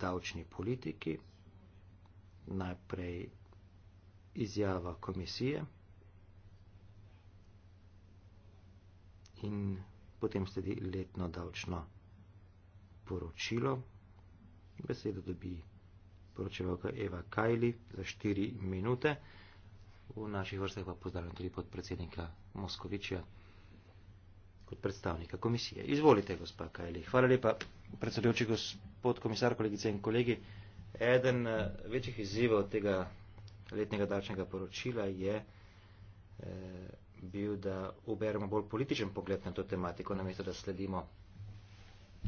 davčni politiki, najprej izjava komisije in potem sledi letno davčno poročilo. Besedo dobi poročevalka Eva Kajli za 4 minute. V naših vrstah pa pozdravljam tudi podpredsednika Moskovičja kot predstavnika komisije. Izvolite, gospa Kajli. Hvala lepa predsedujoči gospod komisar, kolegice in kolegi. Eden eh, večjih izzivov tega letnega dačnega poročila je eh, bil, da uberemo bolj političen pogled na to tematiko, namesto da sledimo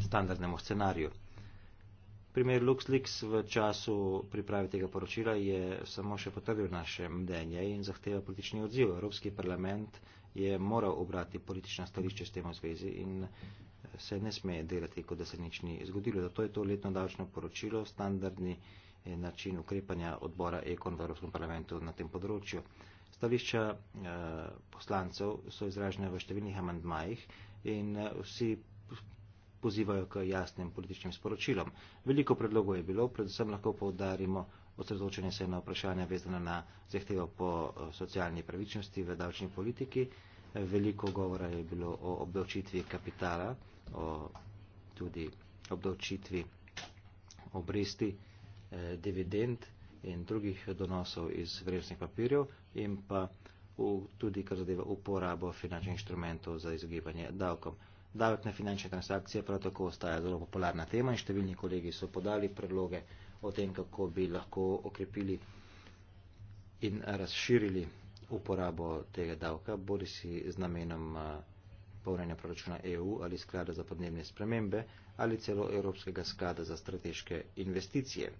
standardnemu scenariju. Primer LuxLeaks v času priprave tega poročila je samo še potrdil naše mnenje in zahteva politični odziv. Evropski parlament je moral obrati politična stališče s tem v zvezi in se ne sme delati, kot da se nič ni zgodilo. Zato je to letno davčno poročilo standardni eh, način ukrepanja odbora Ekon v Evropskem parlamentu na tem področju. Stališča eh, poslancev so izražene v številnih amandmajih in eh, vsi pozivajo k jasnim političnim sporočilom. Veliko predlogov je bilo, predvsem lahko povdarimo osredotočenje se na vprašanja vezana na zahtevo po socialni pravičnosti v davčni politiki. Veliko govora je bilo o obdavčitvi kapitala, o tudi obdavčitvi obresti, eh, dividend in drugih donosov iz vrednostnih papirjev in pa v, tudi, kar zadeva uporabo finančnih inštrumentov za izogibanje davkom. Davek na finančne transakcije prav tako ostaja zelo popularna tema in številni kolegi so podali predloge o tem, kako bi lahko okrepili in razširili uporabo tega davka, bodi si z namenom eh, polnjenja proračuna EU ali sklada za podnebne spremembe ali celo Evropskega sklada za strateške investicije.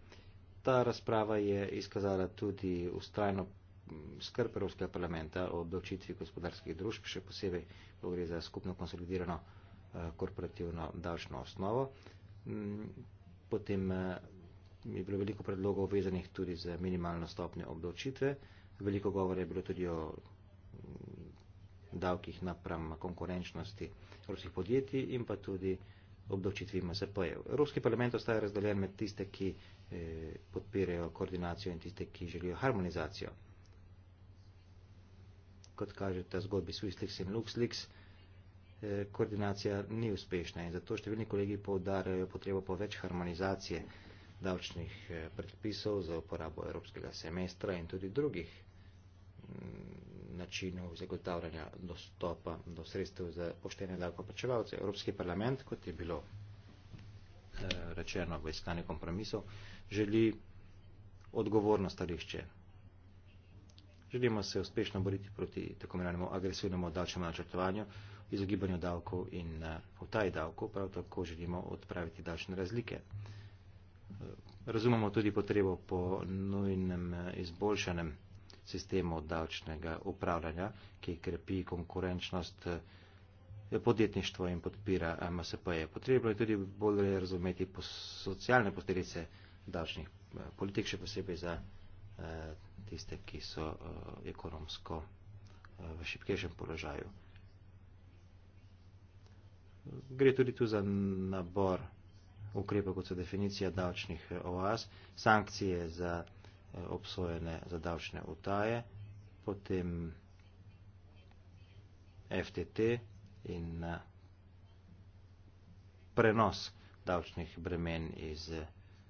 Ta razprava je izkazala tudi ustrajno mm, skrb Evropskega parlamenta o obdavčitvi gospodarskih družb, še posebej, ko gre za skupno konsolidirano eh, korporativno davčno osnovo. Mm, potem eh, je bilo veliko predlogov vezanih tudi z minimalno stopnjo obdavčitve veliko govore je bilo tudi o mm, davkih napram konkurenčnosti evropskih podjetij in pa tudi obdočitvi MSP-jev. Evropski parlament ostaja razdeljen med tiste, ki eh, podpirajo koordinacijo in tiste, ki želijo harmonizacijo. Kot kaže ta zgodbi Swisslix in Luxlix, eh, koordinacija ni uspešna in zato številni kolegi poudarjajo potrebo po več harmonizacije davčnih eh, predpisov za uporabo evropskega semestra in tudi drugih predpisov načinov zagotavljanja dostopa do sredstev za poštene davkoplačevalce. Evropski parlament, kot je bilo eh, rečeno v iskanju kompromisov, želi odgovorno stališče. Želimo se uspešno boriti proti tako imenovanemu agresivnemu davčnemu načrtovanju, izogibanju davkov in eh, utaji davkov, prav tako želimo odpraviti davčne razlike. Eh, razumemo tudi potrebo po nujnem izboljšanem sistemu davčnega upravljanja, ki krepi konkurenčnost eh, podjetništva in podpira eh, MSP-je. Potrebno je tudi bolje razumeti po socialne posledice davčnih eh, politik, še posebej za tiste, ki so ekonomsko v šipkejšem položaju. Gre tudi tu za nabor ukrepov, kot so definicija davčnih oaz, sankcije za davčnih obsojene za davčne utaje, potem FTT in eh, prenos davčnih bremen iz eh,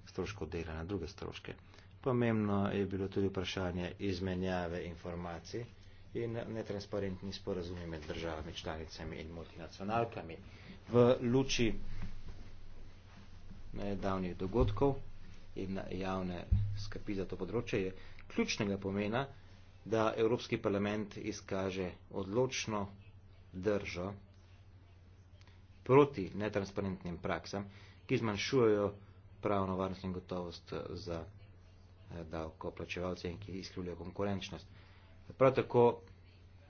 stroškov dela na druge stroške. Pomembno je bilo tudi vprašanje izmenjave informacij in netransparentni sporazumi med državami, članicami in multinacionalkami. V luči nedavnih eh, dogodkov in javne skrbi za to področje, je ključnega pomena, da Evropski parlament izkaže odločno držo proti netransparentnim praksam, ki zmanjšujejo pravno varnost in gotovost eh, za eh, davkoplačevalce in ki izkrivljajo konkurenčnost. Prav tako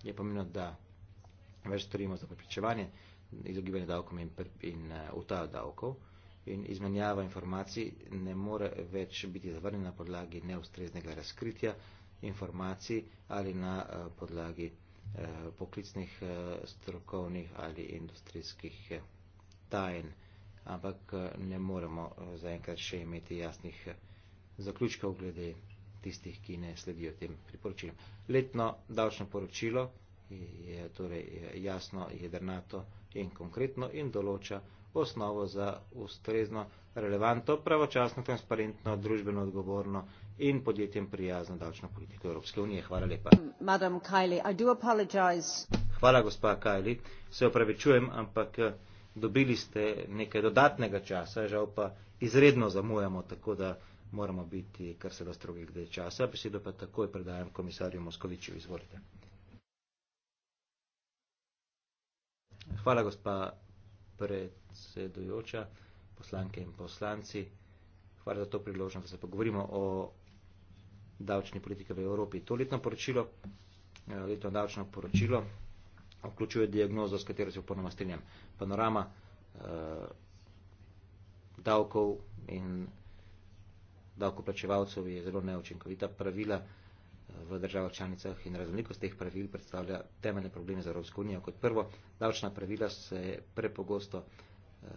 je pomembno, da več storimo za preprečevanje izogibanja davkom in, in uh, eh, utaja davkov in izmenjava informacij ne more več biti zavrnjena na podlagi neustreznega razkritja informacij ali na eh, podlagi eh, poklicnih, eh, strokovnih ali industrijskih tajen, ampak ne moremo zaenkrat še imeti jasnih zaključkov glede tistih, ki ne sledijo tem priporočilom. Letno davčno poročilo je torej jasno, jedrnato in konkretno in določa, osnovo za ustrezno, relevantno, pravočasno, transparentno, družbeno odgovorno in podjetjem prijazno davčno politiko Evropske unije. Hvala lepa. Kiley, Hvala, gospa Kajli. Se opravičujem, ampak dobili ste nekaj dodatnega časa, žal pa izredno zamujamo, tako da moramo biti kar se da strogi glede časa. Besedo pa takoj predajam komisarju Moskoviču. Izvolite. Hvala, gospa predsedujoča, poslanke in poslanci. Hvala za to priložnost, da se pogovorimo o davčni politiki v Evropi. To letno poročilo, eh, letno davčno poročilo, vključuje diagnozo, s katero se uporno strinjam. Panorama eh, davkov in davkoplačevalcev je zelo neučinkovita pravila v državah članicah in raznolikost teh pravil predstavlja temeljne probleme za Evropsko unijo. Kot prvo, davčna pravila se prepogosto eh,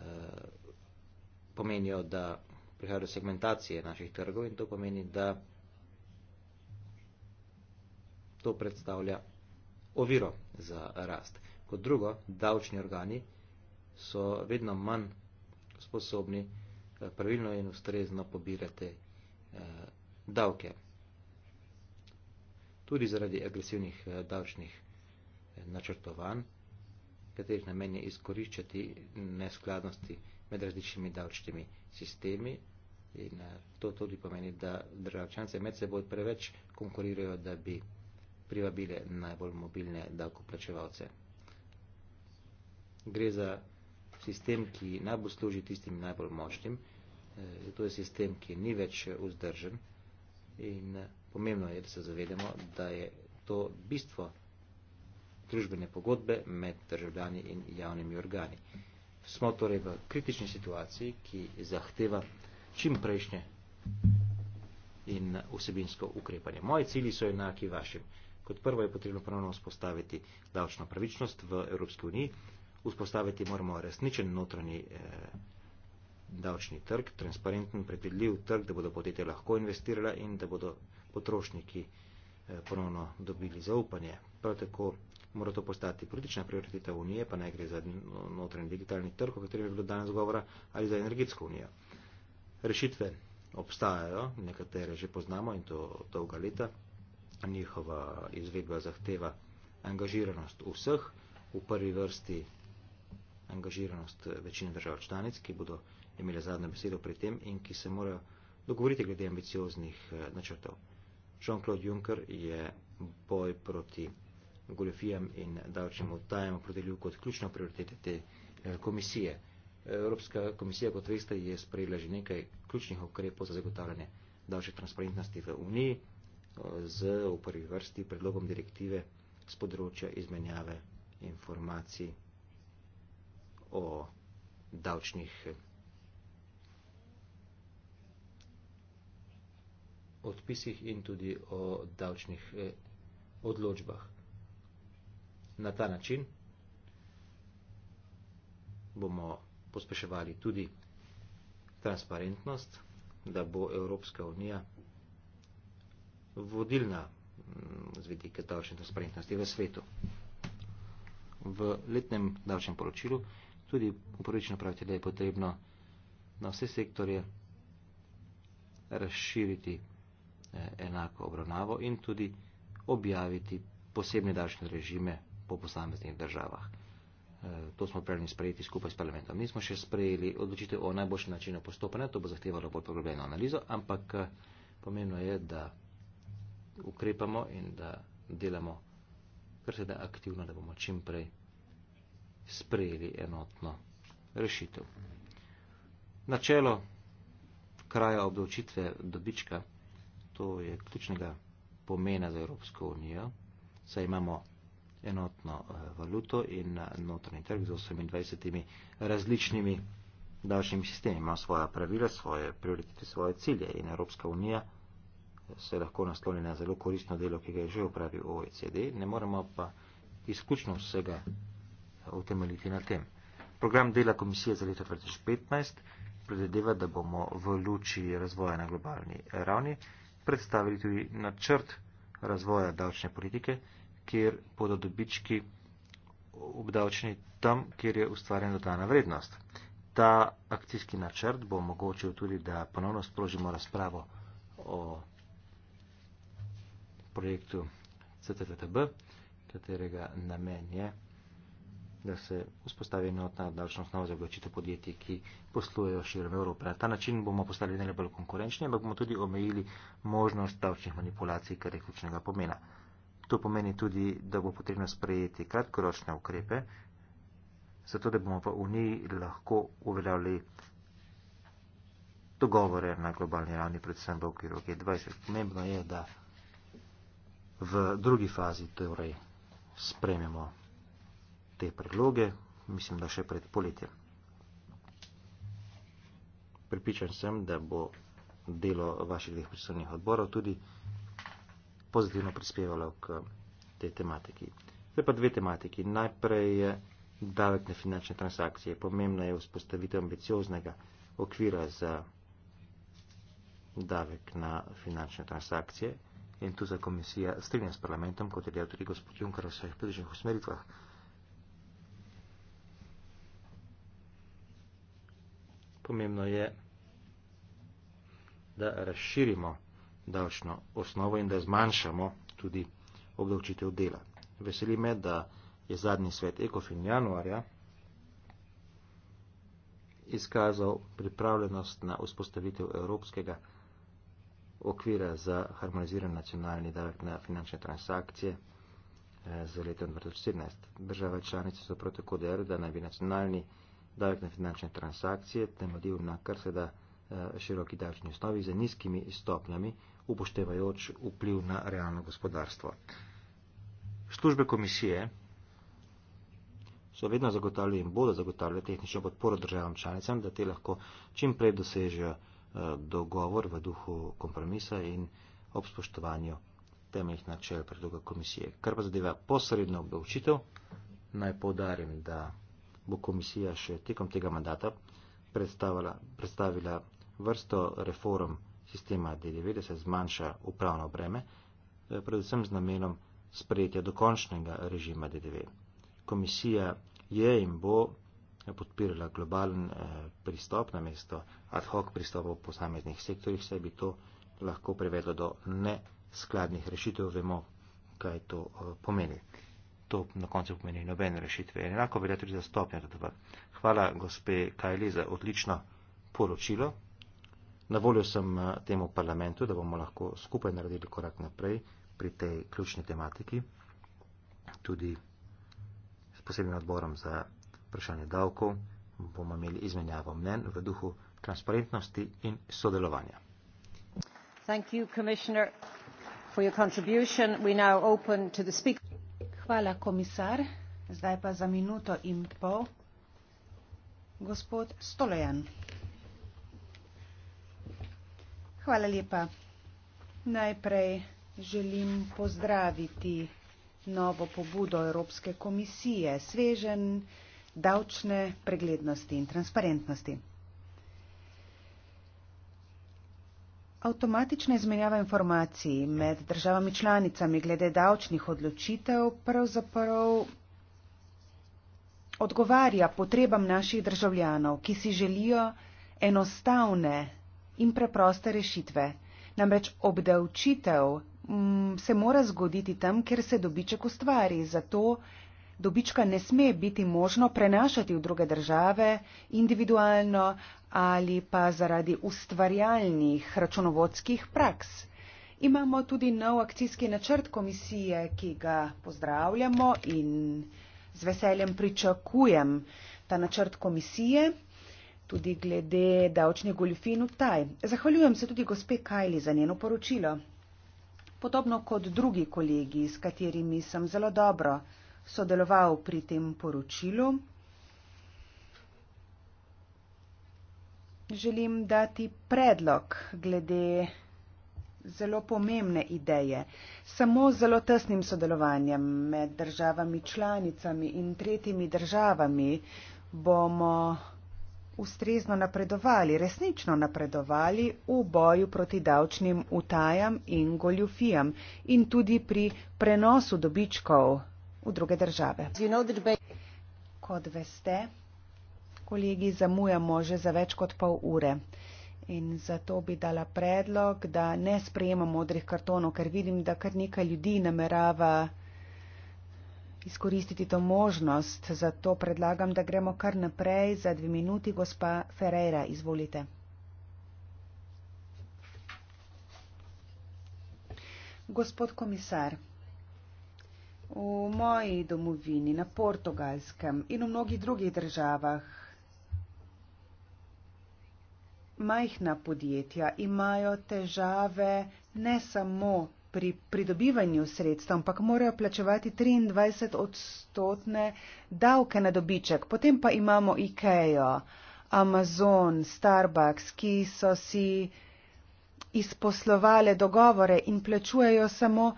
pomenijo, da prihaja do segmentacije naših trgov in to pomeni, da to predstavlja oviro za rast. Kot drugo, davčni organi so vedno manj sposobni eh, pravilno in ustrezno pobirati eh, davke tudi zaradi agresivnih eh, davčnih eh, načrtovanj, katerih namen je izkoriščati neskladnosti med različnimi davčnimi sistemi. In eh, to tudi pomeni, da državčance med seboj preveč konkurirajo, da bi privabile najbolj mobilne davkoplačevalce. Gre za sistem, ki najbolj služi tistim najbolj močnim, to je sistem, ki ni več vzdržen in Pomembno je, da se zavedamo, da je to bistvo družbene pogodbe med državljani in javnimi organi. Smo torej v kritični situaciji, ki zahteva čim prejšnje in vsebinsko ukrepanje. Moji cilji so enaki vašim. Kot prvo je potrebno ponovno vzpostaviti davčno pravičnost v Evropski uniji, vzpostaviti moramo resničen notranji eh, davčni trg, transparenten, predvidljiv trg, da bodo podjetja lahko investirala in da bodo potrošniki eh, ponovno dobili zaupanje. Prav tako mora to postati politična prioriteta Unije, pa naj gre za no, notranji digitalni trg, o katerem je bilo danes govora, ali za energetsko unijo. Rešitve obstajajo, nekatere že poznamo in to dolga leta. Njihova izvedba zahteva angažiranost vseh, v prvi vrsti angažiranost eh, večine držav članic, ki bodo imele zadnjo besedo pri tem in ki se morajo dogovoriti glede ambicioznih eh, načrtov. Jean-Claude Juncker je boj proti goljofijam in davčnim odtajam opredelil kot ključno prioritete te eh, komisije. Evropska komisija, kot veste, je sprejela že nekaj ključnih ukrepov za zagotavljanje davčne transparentnosti v Uniji eh, z v prvi vrsti predlogom direktive z področja izmenjave informacij o davčnih odpisih in tudi o davčnih eh, odločbah. Na ta način bomo pospeševali tudi transparentnost, da bo Evropska unija vodilna mm, z vidika davčne transparentnosti v svetu. V letnem davčnem poročilu tudi uporečno pravite, da je potrebno na vse sektorje razširiti Eh, enako obravnavo in tudi objaviti posebne davčne režime po posameznih državah. Eh, to smo pravni sprejeti skupaj s parlamentom. Nismo še sprejeli odločitev o najboljšem načinu postopanja, to bo zahtevalo bolj poglobljeno analizo, ampak eh, pomembno je, da ukrepamo in da delamo kar se da aktivno, da bomo čim prej sprejeli enotno rešitev. Načelo kraja obdavčitve dobička to je ključnega pomena za Evropsko unijo, saj imamo enotno eh, valuto in eh, notranji trg z 28 različnimi davčnimi sistemi. Ima svoja pravila, svoje prioritete, svoje cilje in Evropska unija eh, se lahko nasloni na zelo koristno delo, ki ga je že upravil OECD, ne moremo pa izključno vsega utemeljiti na tem. Program dela komisije za leto 2015 predvideva, da bomo v luči razvoja na globalni ravni predstavili tudi načrt razvoja davčne politike, kjer bodo dobički obdavčeni tam, kjer je ustvarjena dodana vrednost. Ta akcijski načrt bo omogočil tudi, da ponovno sprožimo razpravo o projektu CTTB, katerega namen je da se vzpostavi enotna davčna osnova za obdavčitev podjetij, ki poslujejo širom Evrope. Na ta način bomo postali ne le bolj konkurenčni, ampak bomo tudi omejili možnost davčnih manipulacij, kar je ključnega pomena. To pomeni tudi, da bo potrebno sprejeti kratkoročne ukrepe, zato da bomo v Uniji lahko uveljavljali dogovore na globalni ravni, predvsem v okviru G20. Pomembno je, da v drugi fazi torej sprememo te predloge, mislim, da še pred poletjem. Pripičan sem, da bo delo vaših dveh predstavnih odborov tudi pozitivno prispevalo k tej tematiki. Zdaj pa dve tematiki. Najprej je davek na finančne transakcije. Pomembna je vzpostavitev ambicioznega okvira za davek na finančne transakcije. In tu se komisija strinja s parlamentom, kot je dejal tudi gospod Junker v svojih predvičnih usmeritvah, pomembno je, da razširimo davčno osnovo in da zmanjšamo tudi obdavčitev dela. Veseli me, da je zadnji svet Ekofin januarja izkazal pripravljenost na vzpostavitev evropskega okvira za harmoniziran nacionalni davek na finančne transakcije eh, za leto 2017. Države članice so prav tako dejali, da naj bi nacionalni davek davek na finančne transakcije temeljil na kar se da eh, široki davčni osnovi za nizkimi stopnjami, upoštevajoč vpliv na realno gospodarstvo. Službe komisije so vedno zagotavljali in bodo zagotavljali tehnično podporo državam članicam, da te lahko čim prej dosežejo eh, dogovor v duhu kompromisa in ob spoštovanju temeljih načel predloga komisije. Kar pa zadeva posredno obdavčitev, naj povdarim, da bo komisija še tekom tega mandata predstavila vrsto reform sistema DDV, da se zmanjša upravno breme, eh, predvsem z namenom sprejetja dokončnega režima DDV. Komisija je in bo eh, podpirala globalen eh, pristop na mesto ad hoc pristopov v posameznih sektorjih, saj bi to lahko prevedlo do neskladnih rešitev, vemo, kaj to pomeni to na koncu pomeni nobene rešitve. In enako velja tudi za stopnje DDV. Hvala gospe Kajli za odlično poročilo. Na voljo sem eh, temu parlamentu, da bomo lahko skupaj naredili korak naprej pri tej ključni tematiki, tudi s posebnim odborom za vprašanje davkov bomo imeli izmenjavo mnen v duhu transparentnosti in sodelovanja. Thank you, Hvala, komisar. Zdaj pa za minuto in pol. Gospod Stolojan. Hvala lepa. Najprej želim pozdraviti novo pobudo Evropske komisije, svežen davčne preglednosti in transparentnosti. Avtomatična izmenjava informacij med državami članicami glede davčnih odločitev pravzaprav odgovarja potrebam naših državljanov, ki si želijo enostavne in preproste rešitve. Namreč obdavčitev m, mm, se mora zgoditi tam, kjer se dobiček ustvari. Zato dobička ne sme biti možno prenašati v druge države individualno ali pa zaradi ustvarjalnih računovodskih praks. Imamo tudi nov akcijski načrt komisije, ki ga pozdravljamo in z veseljem pričakujem ta načrt komisije, tudi glede davčnih goljufin v taj. Zahvaljujem se tudi gospe Kajli za njeno poročilo. Podobno kot drugi kolegi, s katerimi sem zelo dobro sodeloval pri tem poročilu. Želim dati predlog glede zelo pomembne ideje. Samo z zelo tesnim sodelovanjem med državami članicami in tretjimi državami bomo ustrezno napredovali, resnično napredovali v boju proti davčnim utajam in goljufijam in tudi pri prenosu dobičkov v druge države. Kot veste, kolegi zamujamo že za več kot pol ure. In zato bi dala predlog, da ne sprejemamo modrih kartonov, ker vidim, da kar nekaj ljudi namerava izkoristiti to možnost. Zato predlagam, da gremo kar naprej. Za dve minuti, gospa Ferreira, izvolite. Gospod komisar, V moji domovini, na portugalskem in v mnogih drugih državah, majhna podjetja imajo težave ne samo pri pridobivanju sredstva, ampak morajo plačevati 23 odstotne davke na dobiček. Potem pa imamo IKEA, Amazon, Starbucks, ki so si izposlovale dogovore in plačujejo samo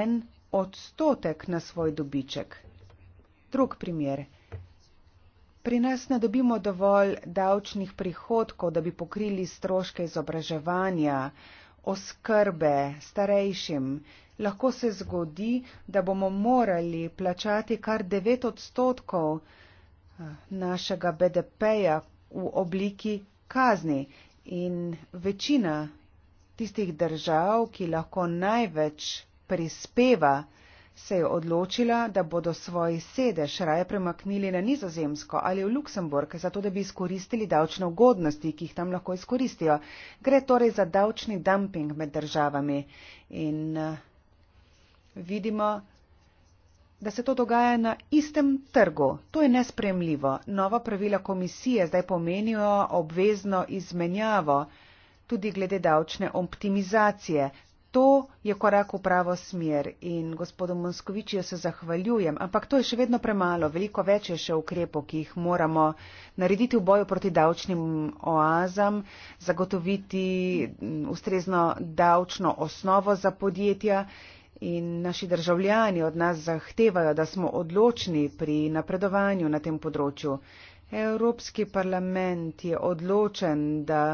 en odstotek na svoj dobiček. Drug primer. Pri nas ne dobimo dovolj davčnih prihodkov, da bi pokrili stroške izobraževanja, oskrbe starejšim. Lahko se zgodi, da bomo morali plačati kar 9 odstotkov eh, našega BDP-ja v obliki kazni in večina tistih držav, ki lahko največ prispeva, se je odločila, da bodo svoj sedež raje premaknili na Nizozemsko ali v Luksemburg, zato da bi izkoristili davčne ugodnosti, ki jih tam lahko izkoristijo. Gre torej za davčni dumping med državami. In uh, vidimo, da se to dogaja na istem trgu. To je nespremljivo. Nova pravila komisije zdaj pomenijo obvezno izmenjavo tudi glede davčne optimizacije. To je korak v pravo smer in gospodu Monskovičju se zahvaljujem, ampak to je še vedno premalo, veliko več je še ukrepov, ki jih moramo narediti v boju proti davčnim oazam, zagotoviti ustrezno davčno osnovo za podjetja in naši državljani od nas zahtevajo, da smo odločni pri napredovanju na tem področju. Evropski parlament je odločen, da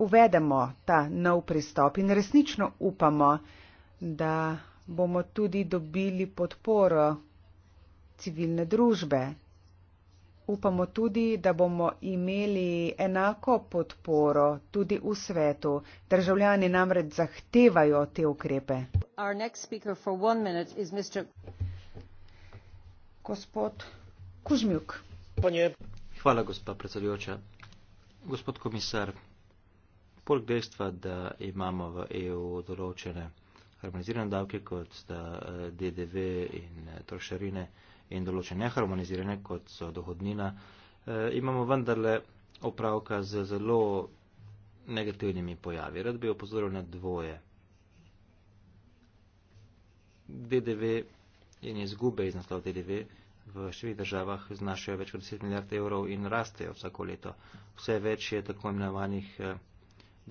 uvedemo ta nov pristop in resnično upamo, da bomo tudi dobili podporo civilne družbe. Upamo tudi, da bomo imeli enako podporo tudi v svetu. Državljani namreč zahtevajo te ukrepe. Gospod Kužmjuk. Hvala, gospa predsedujoča. Gospod komisar, poleg dejstva, da imamo v EU določene harmonizirane davke, kot sta e, DDV in e, trošarine in določene neharmonizirane, kot so dohodnina, e, imamo vendarle opravka z zelo negativnimi pojavi. Rad bi opozoril na dvoje. DDV in izgube iz naslova DDV v številnih državah znašajo več kot 10 milijard evrov in rastejo vsako leto. Vse več je tako imenovanih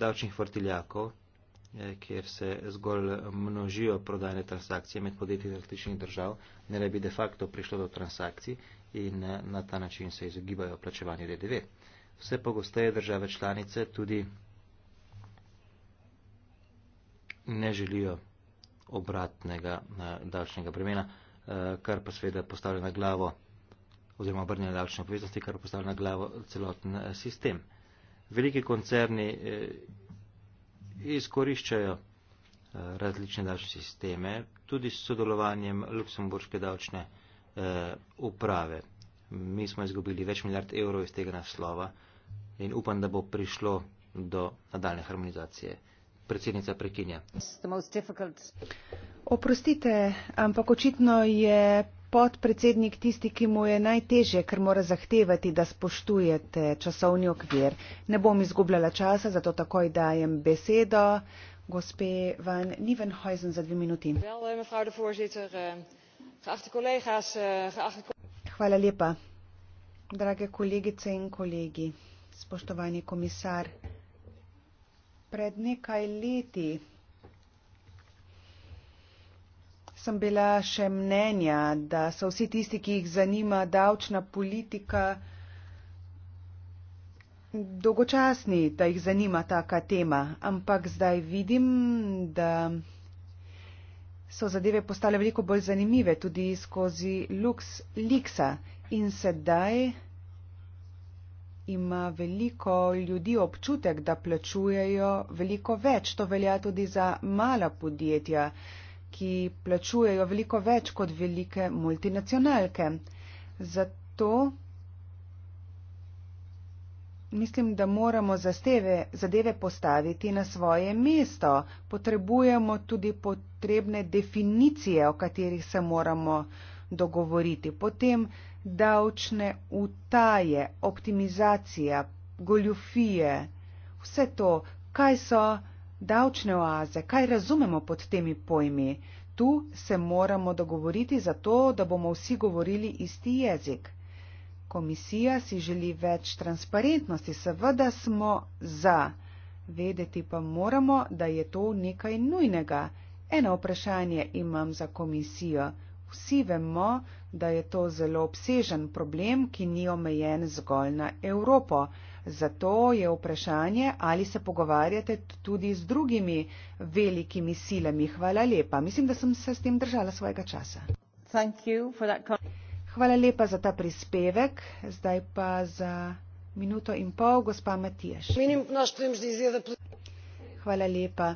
davčnih vrtiljakov, eh, kjer se zgolj množijo prodajne transakcije med podjetji različnih držav, ne da bi de facto prišlo do transakcij in eh, na ta način se izogibajo plačevanju DDV. Vse pogosteje države članice tudi ne želijo obratnega eh, davčnega bremena, kar pa seveda postavlja na glavo oziroma obrnjene davčne obveznosti, kar pa postavlja na glavo celoten sistem veliki koncerni eh, izkoriščajo eh, različne davčne sisteme, tudi s sodelovanjem Luksemburške davčne eh, uprave. Mi smo izgubili več milijard evrov iz tega naslova in upam, da bo prišlo do nadaljne harmonizacije. Predsednica prekinja. Oprostite, ampak očitno je podpredsednik tisti, ki mu je najtežje, ker mora zahtevati, da spoštujete časovni okvir. Ne bom izgubljala časa, zato takoj dajem besedo gospe Van Nivenhuizen za dve minuti. Eh, eh, eh, Hvala lepa. Drage kolegice in kolegi, spoštovani komisar, pred nekaj leti sem bila še mnenja, da so vsi tisti, ki jih zanima davčna politika, dolgočasni, da jih zanima taka tema. Ampak zdaj vidim, da so zadeve postale veliko bolj zanimive tudi skozi luks liksa in sedaj ima veliko ljudi občutek, da plačujejo veliko več. To velja tudi za mala podjetja ki plačujejo veliko več kot velike multinacionalke. Zato mislim, da moramo zasteve, zadeve postaviti na svoje mesto. Potrebujemo tudi potrebne definicije, o katerih se moramo dogovoriti. Potem davčne utaje, optimizacija, goljufije, vse to, kaj so. Davčne oaze, kaj razumemo pod temi pojmi? Tu se moramo dogovoriti za to, da bomo vsi govorili isti jezik. Komisija si želi več transparentnosti, seveda smo za. Vedeti pa moramo, da je to nekaj nujnega. Eno vprašanje imam za komisijo. Vsi vemo, da je to zelo obsežen problem, ki ni omejen zgolj na Evropo. Zato je vprašanje, ali se pogovarjate tudi z drugimi velikimi silami. Hvala lepa. Mislim, da sem se s tem držala svojega časa. Hvala lepa za ta prispevek. Zdaj pa za minuto in pol, gospa Matijaš. Hvala lepa.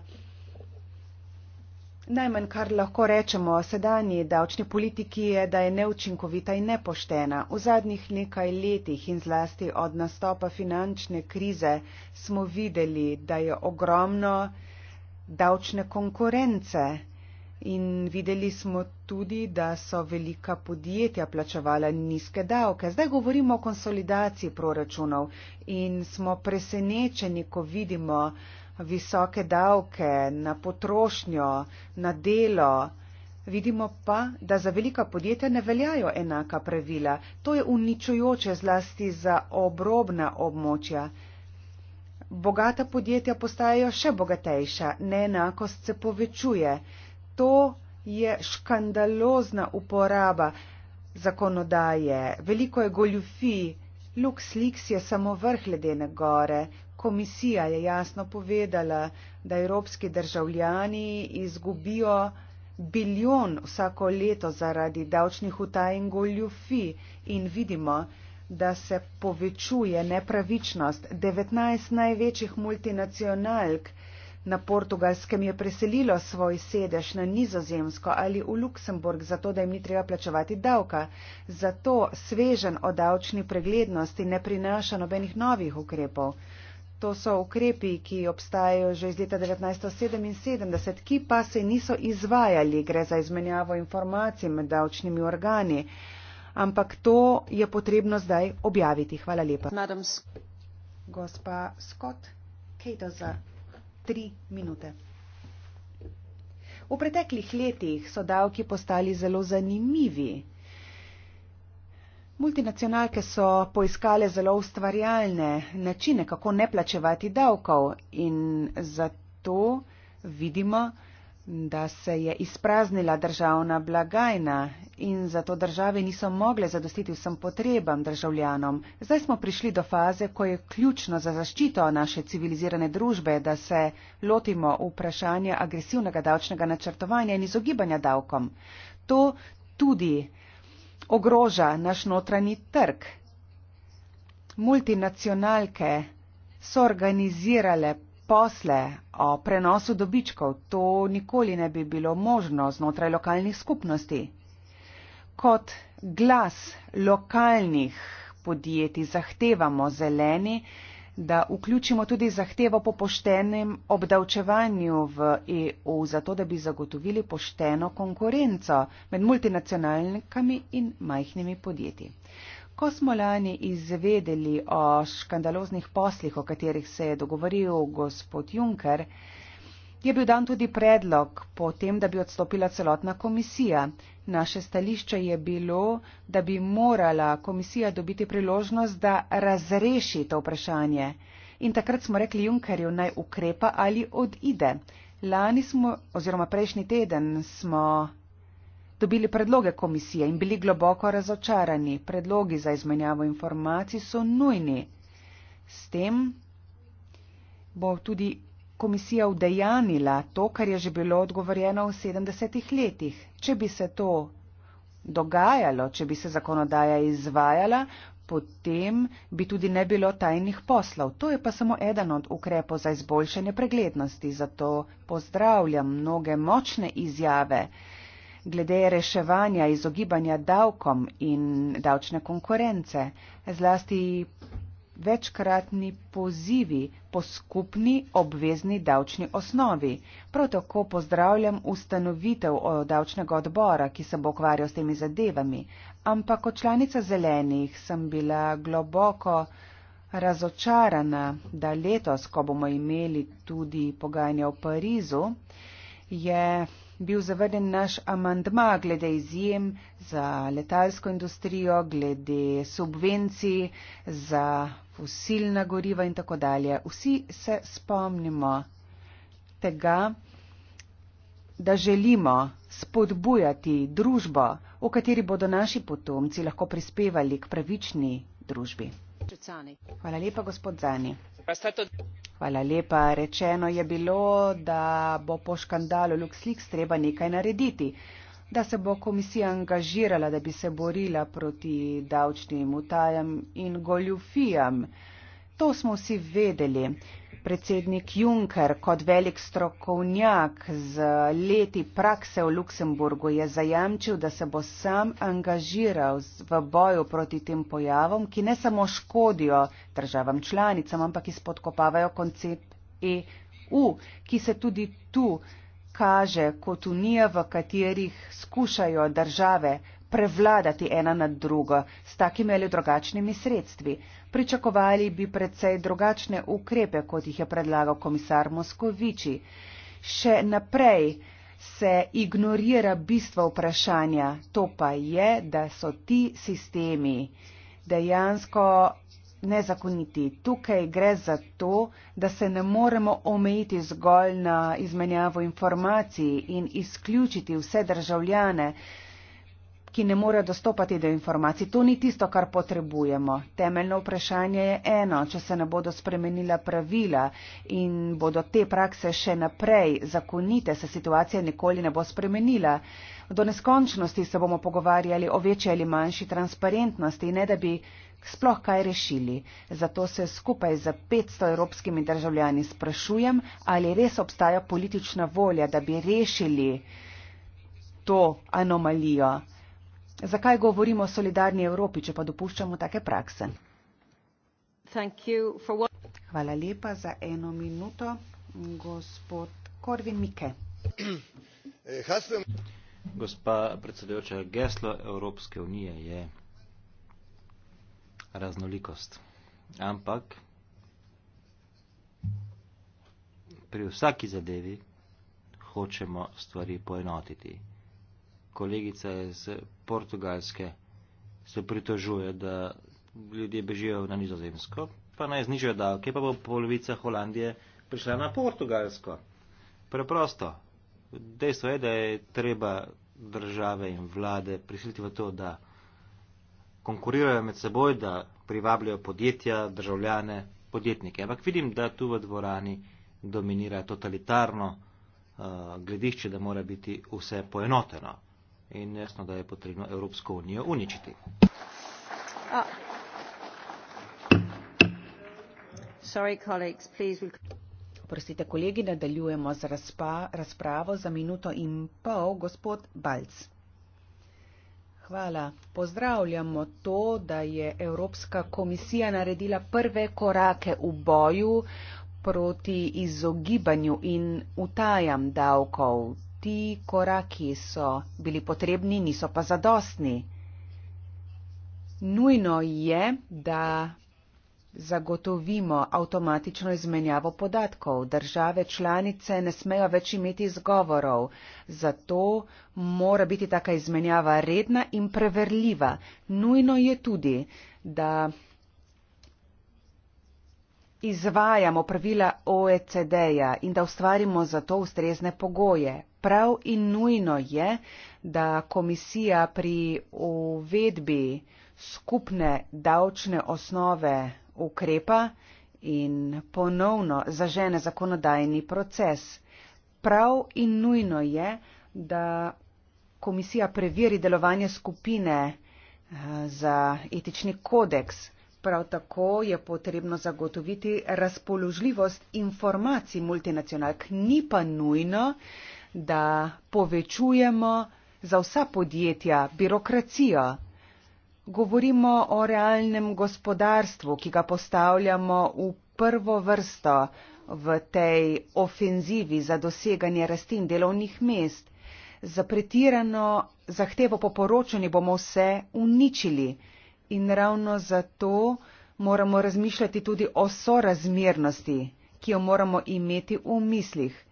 Najmanj, kar lahko rečemo o sedanji davčni politiki, je, da je neučinkovita in nepoštena. V zadnjih nekaj letih in zlasti od nastopa finančne krize smo videli, da je ogromno davčne konkurence in videli smo tudi, da so velika podjetja plačevala nizke davke. Zdaj govorimo o konsolidaciji proračunov in smo presenečeni, ko vidimo, visoke davke, na potrošnjo, na delo. Vidimo pa, da za velika podjetja ne veljajo enaka pravila. To je uničujoče zlasti za obrobna območja. Bogata podjetja postajajo še bogatejša, neenakost se povečuje. To je škandalozna uporaba zakonodaje. Veliko je goljufi. Lux Lix je samo vrh ledene gore. Komisija je jasno povedala, da evropski državljani izgubijo bilijon vsako leto zaradi davčnih utaj in goljufi in vidimo, da se povečuje nepravičnost. 19 največjih multinacionalk na portugalskem je preselilo svoj sedež na nizozemsko ali v Luksemburg, zato da jim ni treba plačevati davka. Zato svežen o davčni preglednosti ne prinaša nobenih novih ukrepov to so ukrepi, ki obstajajo že iz leta 1977, ki pa se niso izvajali, gre za izmenjavo informacij med davčnimi organi. Ampak to je potrebno zdaj objaviti. Hvala lepa. Madam. Gospa Scott, Kato za tri minute. V preteklih letih so davki postali zelo zanimivi. Multinacionalke so poiskale zelo ustvarjalne načine, kako ne plačevati davkov in zato vidimo, da se je izpraznila državna blagajna in zato države niso mogle zadostiti vsem potrebam državljanom. Zdaj smo prišli do faze, ko je ključno za zaščito naše civilizirane družbe, da se lotimo vprašanja agresivnega davčnega načrtovanja in izogibanja davkom. To tudi ogroža naš notranji trg. Multinacionalke so organizirale posle o prenosu dobičkov, to nikoli ne bi bilo možno znotraj lokalnih skupnosti. Kot glas lokalnih podjetij zahtevamo zeleni, da vključimo tudi zahtevo po poštenem obdavčevanju v EU, zato da bi zagotovili pošteno konkurenco med multinacionalkami in majhnimi podjetji. Ko smo lani izvedeli o škandaloznih poslih, o katerih se je dogovoril gospod Juncker, je bil dan tudi predlog po tem, da bi odstopila celotna komisija. Naše stališče je bilo, da bi morala komisija dobiti priložnost, da razreši to vprašanje. In takrat smo rekli Junkerju, naj ukrepa ali odide. Lani smo, oziroma prejšnji teden, smo dobili predloge komisije in bili globoko razočarani. Predlogi za izmenjavo informacij so nujni. S tem bo tudi komisija udejanila to, kar je že bilo odgovorjeno v 70-ih letih. Če bi se to dogajalo, če bi se zakonodaja izvajala, potem bi tudi ne bilo tajnih poslov. To je pa samo eden od ukrepov za izboljšanje preglednosti. Zato pozdravljam mnoge močne izjave glede reševanja izogibanja davkom in davčne konkurence, zlasti večkratni pozivi po skupni obvezni davčni osnovi. Prav tako pozdravljam ustanovitev davčnega odbora, ki se bo ukvarjal s temi zadevami, ampak kot članica zelenih sem bila globoko razočarana, da letos, ko bomo imeli tudi pogajanja v Parizu, je bil zavrnen naš amandma glede izjem za letalsko industrijo, glede subvencij za fosilna goriva in tako dalje. Vsi se spomnimo tega, da želimo spodbujati družbo, v kateri bodo naši potomci lahko prispevali k pravični družbi. Hvala lepa, gospod Zani. Hvala lepa. Rečeno je bilo, da bo po škandalu LuxLeaks treba nekaj narediti da se bo komisija angažirala, da bi se borila proti davčnim utajam in goljufijam. To smo vsi vedeli. Predsednik Juncker kot velik strokovnjak z leti prakse v Luksemburgu je zajamčil, da se bo sam angažiral v boju proti tem pojavom, ki ne samo škodijo državam članicam, ampak izpodkopavajo koncept EU, ki se tudi tu kaže kot unija, v katerih skušajo države prevladati ena nad drugo s takimi ali drugačnimi sredstvi. Pričakovali bi predvsej drugačne ukrepe, kot jih je predlagal komisar Moskoviči. Še naprej se ignorira bistvo vprašanja, to pa je, da so ti sistemi dejansko nezakoniti. Tukaj gre za to, da se ne moremo omejiti zgolj na izmenjavo informacij in izključiti vse državljane, ki ne morejo dostopati do informacij. To ni tisto, kar potrebujemo. Temeljno vprašanje je eno, če se ne bodo spremenila pravila in bodo te prakse še naprej zakonite, se situacija nikoli ne bo spremenila. Do neskončnosti se bomo pogovarjali o večji ali manjši transparentnosti, ne da bi sploh kaj rešili. Zato se skupaj z 500 evropskimi državljani sprašujem, ali res obstaja politična volja, da bi rešili to anomalijo. Zakaj govorimo o solidarni Evropi, če pa dopuščamo take prakse? Hvala lepa za eno minuto. Gospod Korvin Mike. Eh, Gospa predsedujoča, geslo Evropske unije je raznolikost. Ampak pri vsaki zadevi hočemo stvari poenotiti. Kolegica iz Portugalske se pritožuje, da ljudje bežijo na nizozemsko, pa naj znižajo davke, pa bo polovica Holandije prišla na Portugalsko. Preprosto. Dejstvo je, da je treba države in vlade prisiliti v to, da konkurirajo med seboj, da privabljajo podjetja, državljane, podjetnike. Ampak vidim, da tu v dvorani dominira totalitarno uh, gledišče, da mora biti vse poenoteno. In jasno, da je potrebno Evropsko unijo uničiti. Uh. Sorry, colleagues, please. Prosite, kolegi, nadaljujemo z razpa, razpravo za minuto in pol. Gospod Balc. Hvala. Pozdravljamo to, da je Evropska komisija naredila prve korake v boju proti izogibanju in utajam davkov. Ti koraki so bili potrebni, niso pa zadostni. Nujno je, da Zagotovimo avtomatično izmenjavo podatkov. Države članice ne smejo več imeti izgovorov. Zato mora biti taka izmenjava redna in preverljiva. Nujno je tudi, da izvajamo pravila OECD-ja in da ustvarimo za to ustrezne pogoje. Prav in nujno je, da komisija pri uvedbi skupne davčne osnove ukrepa in ponovno zažene zakonodajni proces. Prav in nujno je, da komisija preveri delovanje skupine eh, za etični kodeks. Prav tako je potrebno zagotoviti razpoložljivost informacij multinacionalk. Ni pa nujno, da povečujemo za vsa podjetja birokracijo. Govorimo o realnem gospodarstvu, ki ga postavljamo v prvo vrsto v tej ofenzivi za doseganje rasti in delovnih mest. Za pretirano zahtevo po poročanju bomo vse uničili in ravno zato moramo razmišljati tudi o sorazmernosti, ki jo moramo imeti v mislih.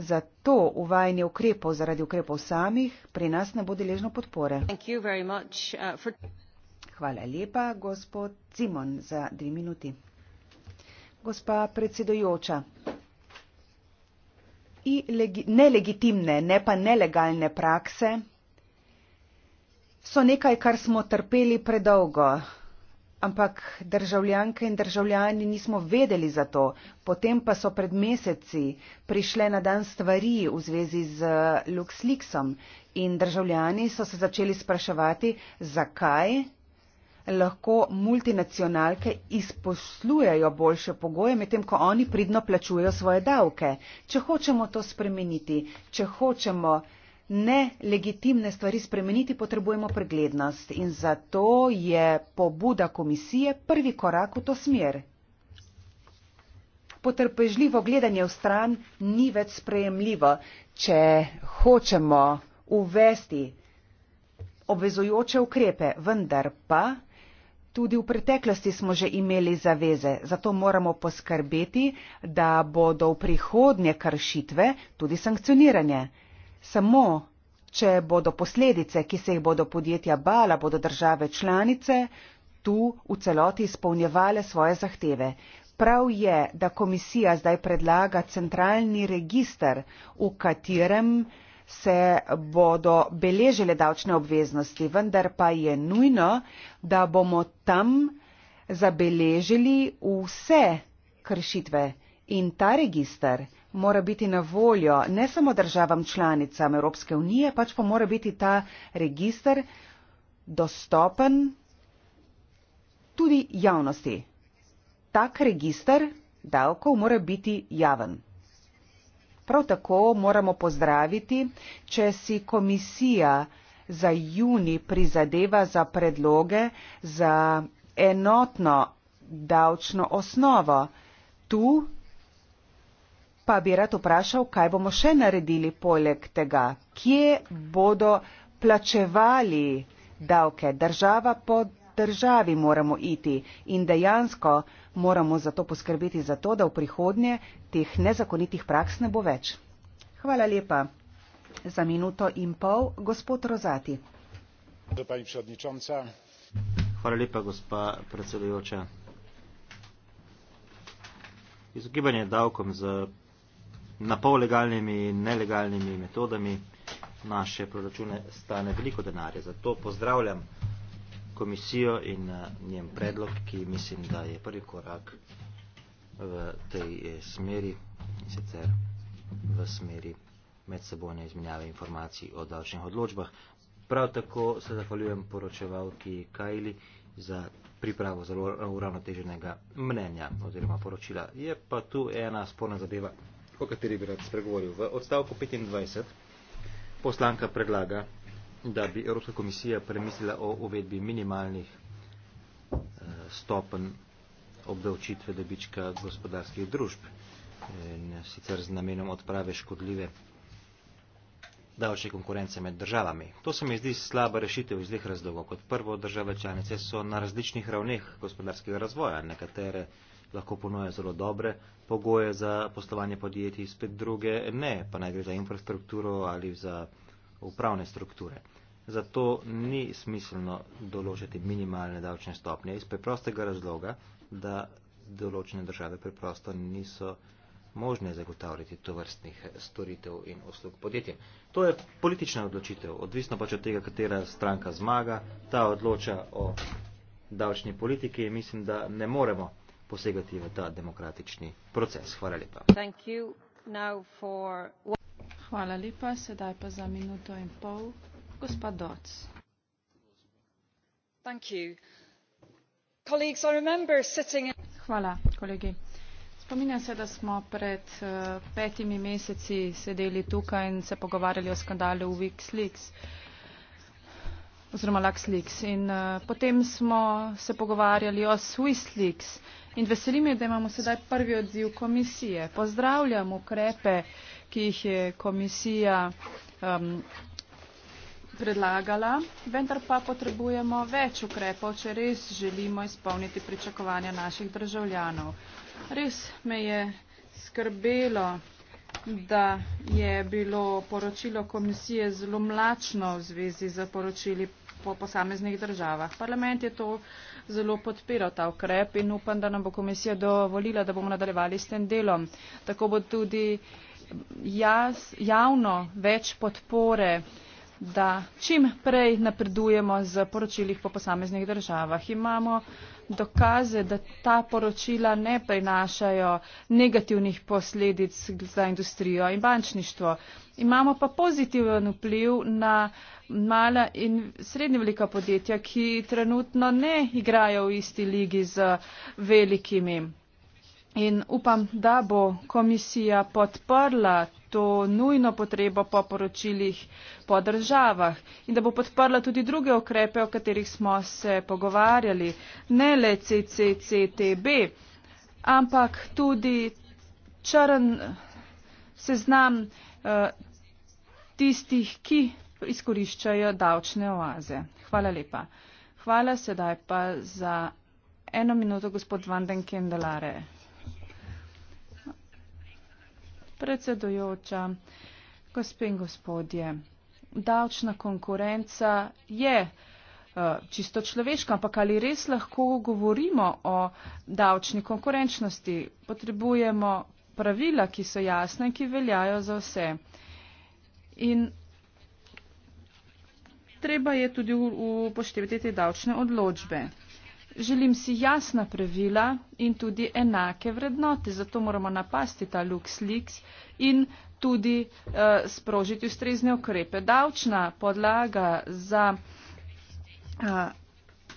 Zato uvajanje ukrepov zaradi ukrepov samih pri nas ne bo deležno podpore. Uh, Hvala lepa, gospod Cimon, za dve minuti. Gospa predsedojoča, nelegitimne, ne pa nelegalne prakse so nekaj, kar smo trpeli predolgo ampak državljanke in državljani nismo vedeli za to. Potem pa so pred meseci prišle na dan stvari v zvezi z LuxLeaksom in državljani so se začeli spraševati, zakaj lahko multinacionalke izposlujejo boljše pogoje, medtem ko oni pridno plačujejo svoje davke. Če hočemo to spremeniti, če hočemo nelegitimne stvari spremeniti, potrebujemo preglednost in zato je pobuda komisije prvi korak v to smer. Potrpežljivo gledanje v stran ni več sprejemljivo, če hočemo uvesti obvezujoče ukrepe, vendar pa tudi v preteklosti smo že imeli zaveze, zato moramo poskrbeti, da bodo v prihodnje kršitve tudi sankcioniranje. Samo, če bodo posledice, ki se jih bodo podjetja bala, bodo države članice tu v celoti izpolnjevale svoje zahteve. Prav je, da komisija zdaj predlaga centralni register, v katerem se bodo beležile davčne obveznosti, vendar pa je nujno, da bomo tam zabeležili vse kršitve in ta register mora biti na voljo ne samo državam članicam Evropske unije, pač pa mora biti ta registr dostopen tudi javnosti. Tak registr davkov mora biti javen. Prav tako moramo pozdraviti, če si komisija za juni prizadeva za predloge za enotno davčno osnovo. Tu pa bi rad vprašal, kaj bomo še naredili poleg tega, kje bodo plačevali davke. Država po državi moramo iti in dejansko moramo zato poskrbeti za to, da v prihodnje teh nezakonitih praks ne bo več. Hvala lepa. Za minuto in pol, gospod Rozati. Hvala lepa, gospa predsedujoča. Izogibanje davkom za na pol legalnimi in nelegalnimi metodami naše proračune stane veliko denarja. Zato pozdravljam komisijo in eh, njen predlog, ki mislim, da je prvi korak v tej eh, smeri, in sicer v smeri medsebojne izmenjave informacij o davčnih odločbah. Prav tako se zahvaljujem poročevalki Kajli za pripravo zelo uravnoteženega mnenja oziroma poročila. Je pa tu ena sporna zadeva o kateri bi rad spregovoril. V odstavku 25 poslanka predlaga, da bi Evropska komisija premislila o uvedbi minimalnih eh, stopen obdavčitve dobička gospodarskih družb in eh, sicer z namenom odprave škodljive davčne konkurence med državami. To se mi zdi slaba rešitev iz dveh razlogov. Kot prvo, države članice so na različnih ravneh gospodarskega razvoja. Nekatere lahko ponuja zelo dobre pogoje za poslovanje podjetij, spet druge ne, pa naj gre za infrastrukturo ali za upravne strukture. Zato ni smiselno določiti minimalne davčne stopnje iz preprostega razloga, da določene države preprosto niso možne zagotavljati to vrstnih storitev in uslug podjetjem. To je politična odločitev, odvisno pač od tega, katera stranka zmaga, ta odloča o davčni politiki in mislim, da ne moremo posegati v ta demokratični proces. Hvala lepa. Hvala lepa. Sedaj pa za minuto in pol. Gospa Doc. Hvala, kolegi. Spominjam se, da smo pred eh, petimi meseci sedeli tukaj in se pogovarjali o skandalu Wikileaks oziroma LuxLeaks. In uh, potem smo se pogovarjali o SwissLeaks in veselim je, da imamo sedaj prvi odziv komisije. Pozdravljam ukrepe, ki jih je komisija um, predlagala, vendar pa potrebujemo več ukrepov, če res želimo izpolniti pričakovanja naših državljanov. Res me je skrbelo, da je bilo poročilo komisije zelo mlačno v zvezi z poročili po posameznih državah. Parlament je to zelo podpiral, ta ukrep, in upam, da nam bo komisija dovolila, da bomo nadaljevali s tem delom. Tako bo tudi jaz, javno več podpore eh, da čim prej napredujemo z poročilih po posameznih državah. Imamo dokaze, da ta poročila ne prinašajo negativnih posledic za industrijo in bančništvo. Imamo pa pozitiven vpliv na mala in srednje velika podjetja, ki trenutno ne igrajo v isti ligi z velikimi. In upam, da bo komisija podprla to nujno potrebo po poročilih po državah in da bo podprla tudi druge okrepe, o katerih smo se pogovarjali, ne le CCCTB, ampak tudi črn seznam eh, tistih, ki izkoriščajo davčne oaze. Hvala lepa. Hvala sedaj pa za eno minuto gospod Vanden Kendelare. Predsedujoča, gospe in gospodje, davčna konkurenca je eh, čisto človeška, ampak ali res lahko govorimo o davčni konkurenčnosti? Potrebujemo pravila, ki so jasne in ki veljajo za vse. In treba je tudi upoštevati te davčne odločbe želim si jasna pravila in tudi enake vrednote. Zato moramo napasti ta LuxLeaks in tudi uh, sprožiti ustrezne ukrepe. Davčna podlaga za uh,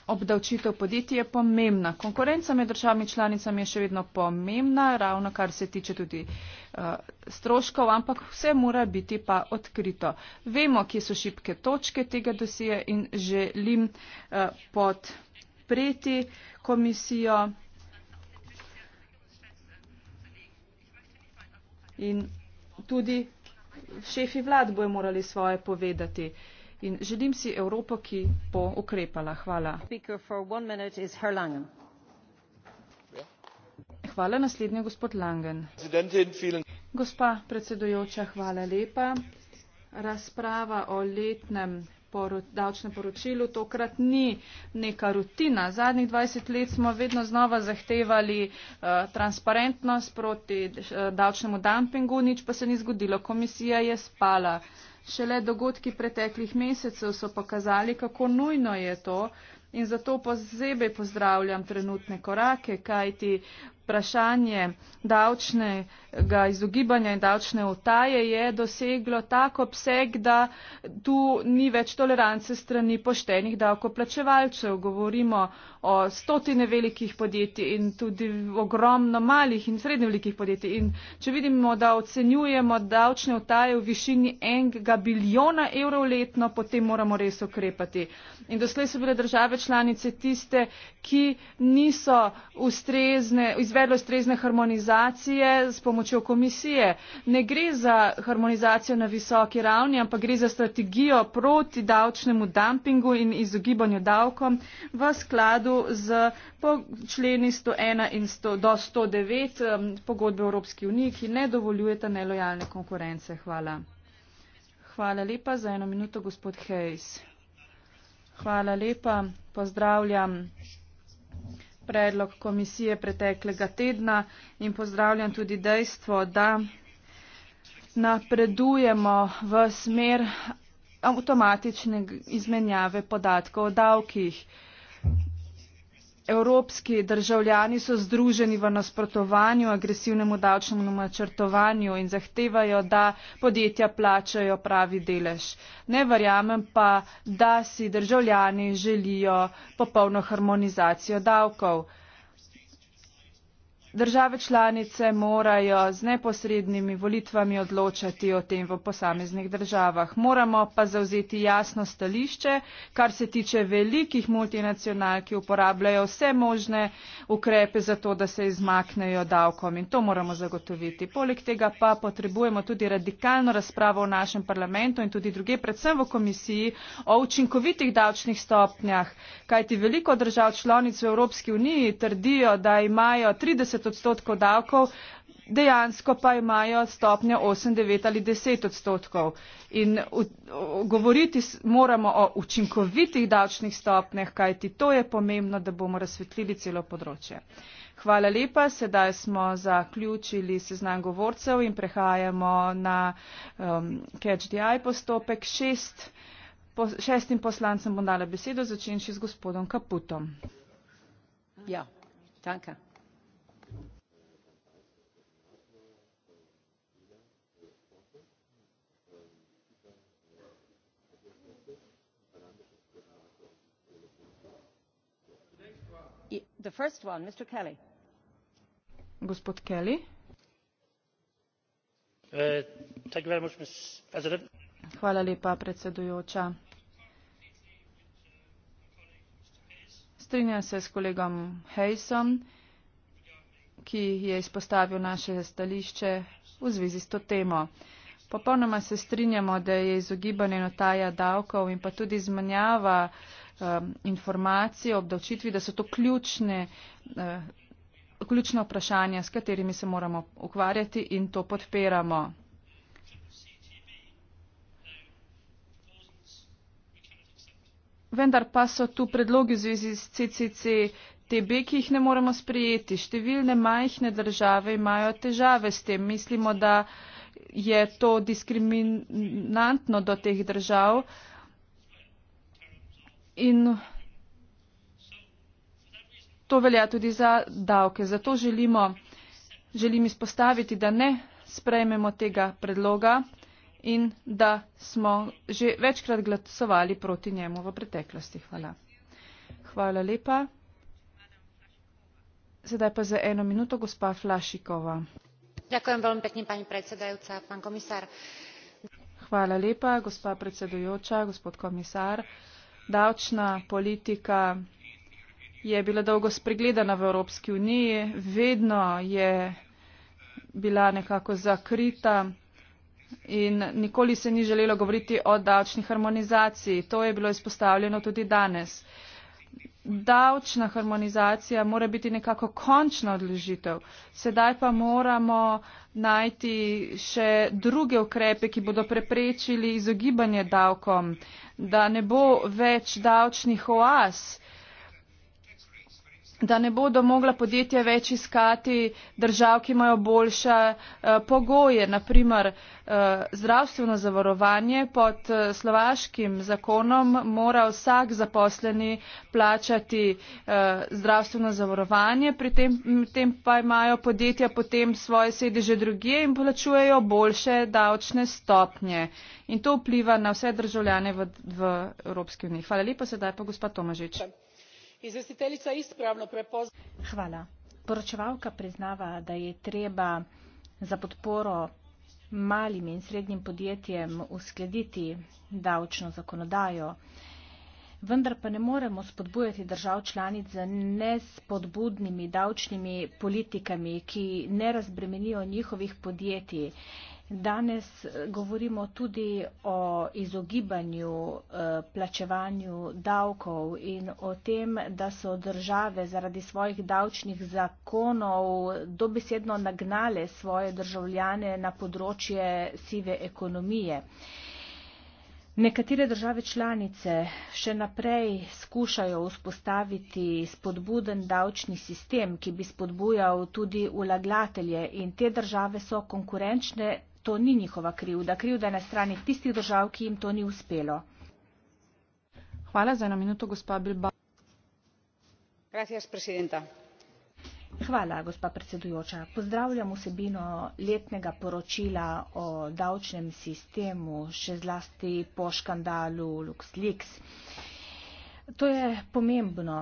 obdavčitev podjetij je pomembna. Konkurenca med državami članicami je še vedno pomembna, ravno kar se tiče tudi uh, stroškov, ampak vse mora biti pa odkrito. Vemo, kje so šibke točke tega dosije in želim uh, pod podpreti komisijo in tudi šefi vlad bojo morali svoje povedati. In želim si Evropo, ki bo ukrepala. Hvala. Hvala. Naslednji je gospod Langen. Gospa predsedujoča, hvala lepa. Razprava o letnem poru, davčnem poročilu. Tokrat ni neka rutina. Zadnjih 20 let smo vedno znova zahtevali uh, transparentnost proti uh, davčnemu dumpingu, nič pa se ni zgodilo. Komisija je spala. Šele dogodki preteklih mesecev so pokazali, kako nujno je to. In zato posebej pozdravljam trenutne korake, kajti vprašanje davčnega izogibanja in davčne utaje je doseglo tako obseg, da tu ni več tolerance strani poštenih davkoplačevalcev. Govorimo o stotine velikih podjetij in tudi ogromno malih in srednje velikih podjetij. In če vidimo, da ocenjujemo davčne utaje v višini enega biliona evrov letno, potem moramo res okrepati. In doslej so bile države članice tiste, ki niso ustrezne, izvedlo strezne harmonizacije s pomočjo komisije. Ne gre za harmonizacijo na visoki ravni, ampak gre za strategijo proti davčnemu dumpingu in izogibanju davkom v skladu z členi 101 in 100, do 109 um, pogodbe Evropske unije, ki ne dovoljujeta nelojalne konkurence. Hvala. Hvala lepa za eno minuto, gospod Hayes. Hvala lepa, pozdravljam predlog komisije preteklega tedna in pozdravljam tudi dejstvo, da napredujemo v smer avtomatične izmenjave podatkov o davkih. Evropski državljani so združeni v nasprotovanju agresivnemu davčnemu načrtovanju in zahtevajo, da podjetja plačajo pravi delež. Ne verjamem pa, da si državljani želijo popolno harmonizacijo davkov države članice morajo z neposrednimi volitvami odločati o tem v posameznih državah. Moramo pa zauzeti jasno stališče, kar se tiče velikih multinacionalk, ki uporabljajo vse možne ukrepe za to, da se izmaknejo davkom in to moramo zagotoviti. Poleg tega pa potrebujemo tudi radikalno razpravo v našem parlamentu in tudi druge, predvsem v komisiji, o učinkovitih davčnih stopnjah, kajti veliko držav članic v Evropski uniji trdijo, da imajo 30 30 odstotkov davkov, dejansko pa imajo stopnjo 8, 9 ali 10 odstotkov. In v, govoriti moramo o učinkovitih davčnih stopnjah, kajti to je pomembno, da bomo razsvetlili celo področje. Hvala lepa, sedaj smo zaključili seznam govorcev in prehajamo na um, Catch the Eye postopek. Šest, po, šestim poslancem bom dala besedo, začenši z gospodom Kaputom. Ja, danke. Uh, strinjam se s kolegom hayesom ki je izpostavil naše stališče v zvezi s to temo. popolnoma se strinjamo da je izogibanje in utaja davkov in pa tudi izmenjava um, informacije o obdavčitvi, da so to ključne, uh, ključne vprašanja, s katerimi se moramo ukvarjati in to podpiramo. Vendar pa so tu predlogi v zvezi s CCC. TB, ki jih ne moremo sprijeti. Številne majhne države imajo težave s tem. Mislimo, da je to diskriminantno do teh držav. Uh, In to velja tudi za davke. Zato želimo, želim izpostaviti, da ne sprejmemo tega predloga in da smo že večkrat glasovali proti njemu v preteklosti. Hvala. Hvala lepa. Sedaj pa za eno minuto gospa Flašikova. Ďakujem veľmi pekne, pani predsedajúca, pán komisár. Hvala lepa, gospa predsedujúca, gospod komisár davčna politika je bila dolgo spregledana v Evropski uniji, vedno je bila nekako zakrita in nikoli se ni želelo govoriti o davčni harmonizaciji. To je bilo izpostavljeno tudi danes davčna harmonizacija mora biti nekako končna odložitev. Sedaj pa moramo najti še druge ukrepe, ki bodo preprečili izogibanje davkom, da ne bo več davčnih oas, da ne bodo mogla podjetja več iskati držav, ki imajo boljše eh, pogoje, naprimer eh, zdravstveno zavarovanje pod eh, slovaškim zakonom mora vsak zaposleni plačati zdravstveno zavarovanje, pri tem, tem pa imajo podjetja potem svoje sedeže druge in plačujejo boljše davčne stopnje. In to vpliva na vse državljane v, v Evropski uniji. Hvala lepa, sedaj pa gospod Tomažič izvjestiteljica ispravno prepozna. Hvala. Poročevalka priznava, da je treba za podporo malim in srednjim podjetjem uskladiti davčno zakonodajo, vendar pa ne moremo spodbujati držav članic z nespodbudnimi davčnimi politikami, ki ne razbremenijo njihovih podjetij Danes eh, govorimo tudi o izogibanju eh, plačevanju davkov in o tem, da so države zaradi svojih davčnih zakonov dobesedno nagnale svoje državljane na področje sive ekonomije. Nekatere države članice še naprej skušajo vzpostaviti spodbuden davčni sistem, ki bi spodbujal tudi ulaglatelje in te države so konkurenčne to ni njihova krivda, krivda je na strani tistih držav, ki jim to ni uspelo. Hvala za eno minuto, gospa Bilba. Hvala, gospa predsedujoča. Pozdravljam vsebino letnega poročila o davčnem sistemu, še zlasti po škandalu LuxLeaks. To je pomembno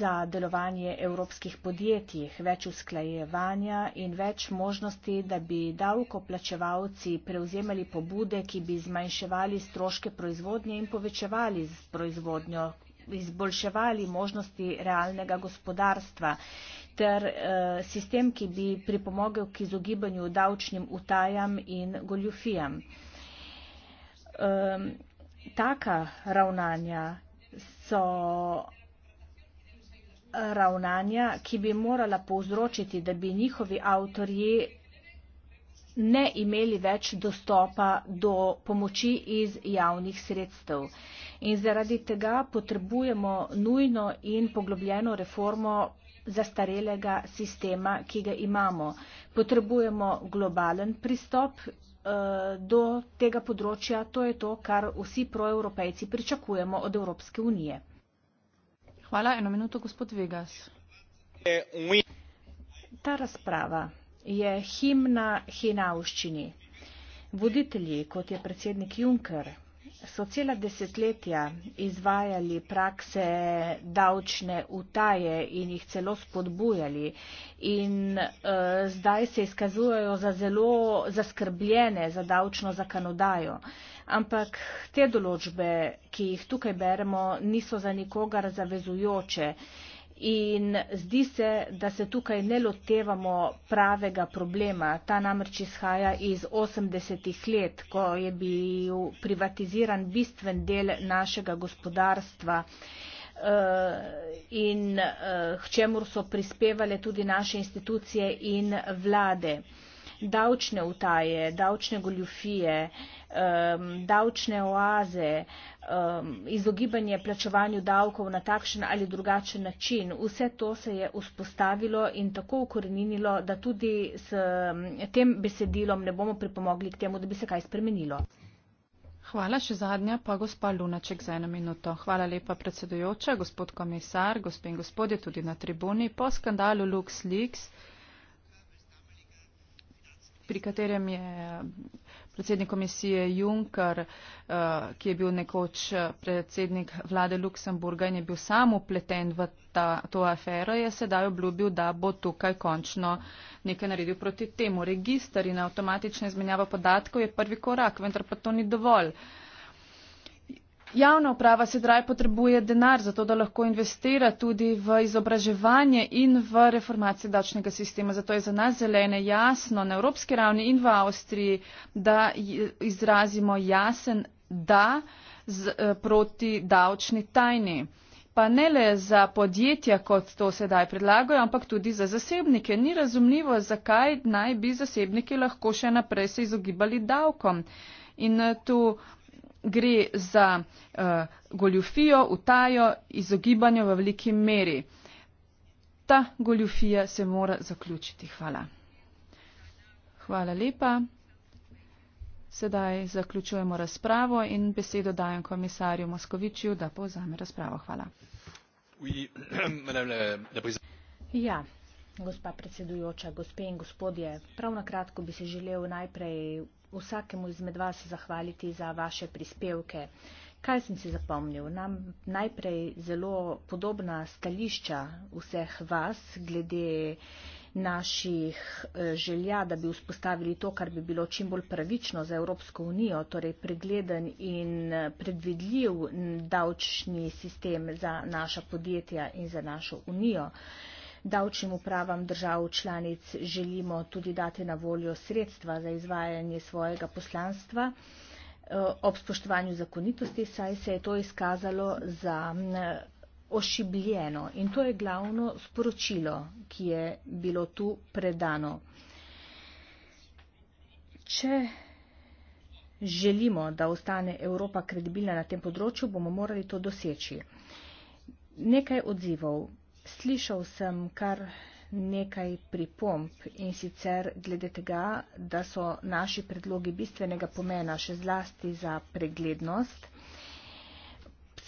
za delovanje evropskih podjetij, več usklajevanja in več možnosti, da bi davkoplačevalci prevzemali pobude, ki bi zmanjševali stroške proizvodnje in povečevali proizvodnjo, izboljševali možnosti realnega gospodarstva ter eh, sistem, ki bi pripomogel k izogibanju davčnim utajam in goljufijam. Taka ravnanja so ravnanja, ki bi morala povzročiti, da bi njihovi avtorji ne imeli več dostopa do pomoči iz javnih sredstev. In zaradi tega potrebujemo nujno in poglobljeno reformo zastarelega sistema, ki ga imamo. Potrebujemo globalen pristop Eh, do tega področja, to je to, kar vsi proevropejci pričakujemo od Evropske unije. Hvala, eno minuto, gospod Vegas. Ta razprava je himna hinavščini. Voditelji, kot je predsednik Juncker, so cela desetletja izvajali prakse davčne utaje in jih celo spodbujali in uh, zdaj se izkazujejo za zelo zaskrbljene za davčno zakonodajo. Ampak te določbe, ki jih tukaj beremo, niso za nikogar zavezujoče. Uh, In zdi se, da se tukaj ne lotevamo pravega problema. Ta namreč izhaja iz 80-ih let, ko je bil privatiziran bistven del našega gospodarstva eh, in eh, k čemur so prispevale tudi naše institucije in vlade. Davčne utaje, davčne goljufije, um, davčne oaze, um, izogibanje plačevanju davkov na takšen ali drugačen način. Vse to se je vzpostavilo in tako ukoreninilo, da tudi s um, tem besedilom ne bomo pripomogli k temu, da bi se kaj spremenilo. Hvala. Še zadnja pa gospa Lunaček za eno minuto. Hvala lepa predsedujoča, gospod komisar, gospe in gospodje tudi na tribuni. Po skandalu LuxLeaks, pri katerem je predsednik komisije Juncker, eh, ki je bil nekoč eh, predsednik vlade Luksemburga in je bil sam upleten v ta, to afero, je sedaj obljubil, da bo tukaj končno nekaj naredil proti temu. Registar in avtomatična izmenjava podatkov je prvi korak, vendar pa to ni dovolj. Javna uprava sedaj potrebuje denar, zato da lahko investira tudi v izobraževanje in v reformacijo davčnega sistema. Zato je za nas zelene jasno na evropski ravni in v Avstriji, da izrazimo jasen da z, eh, proti davčni tajni. Pa ne le za podjetja, kot to sedaj predlagajo, ampak tudi za zasebnike. Ni razumljivo, zakaj naj bi zasebniki lahko še naprej se izogibali davkom. In eh, tu gre za uh, goljufijo, utajo, izogibanje v veliki meri. Ta goljufija se mora zaključiti. Hvala. Hvala lepa. Sedaj zaključujemo razpravo in besedo dajem komisarju Moskoviču, da povzame razpravo. Hvala. Ja, gospa predsedujoča, gospe in gospodje, prav na kratko bi se želel najprej vsakemu izmed vas zahvaliti za vaše prispevke. Kaj sem si zapomnil? Nam najprej zelo podobna stališča vseh vas glede naših eh, želja, da bi vzpostavili to, kar bi bilo čim bolj pravično za Evropsko unijo, torej pregleden in eh, predvidljiv davčni sistem za naša podjetja in za našo unijo. Uh, davčnim upravam držav članic želimo tudi dati na voljo sredstva za izvajanje svojega poslanstva eh, ob spoštovanju zakonitosti, saj se je to izkazalo za mm, ošibljeno. In to je glavno sporočilo, ki je bilo tu predano. Če želimo, da ostane Evropa kredibilna na tem področju, bomo morali to doseči. Nekaj odzivov. Slišal sem kar nekaj pripomp in sicer glede tega, da so naši predlogi bistvenega pomena še zlasti za preglednost.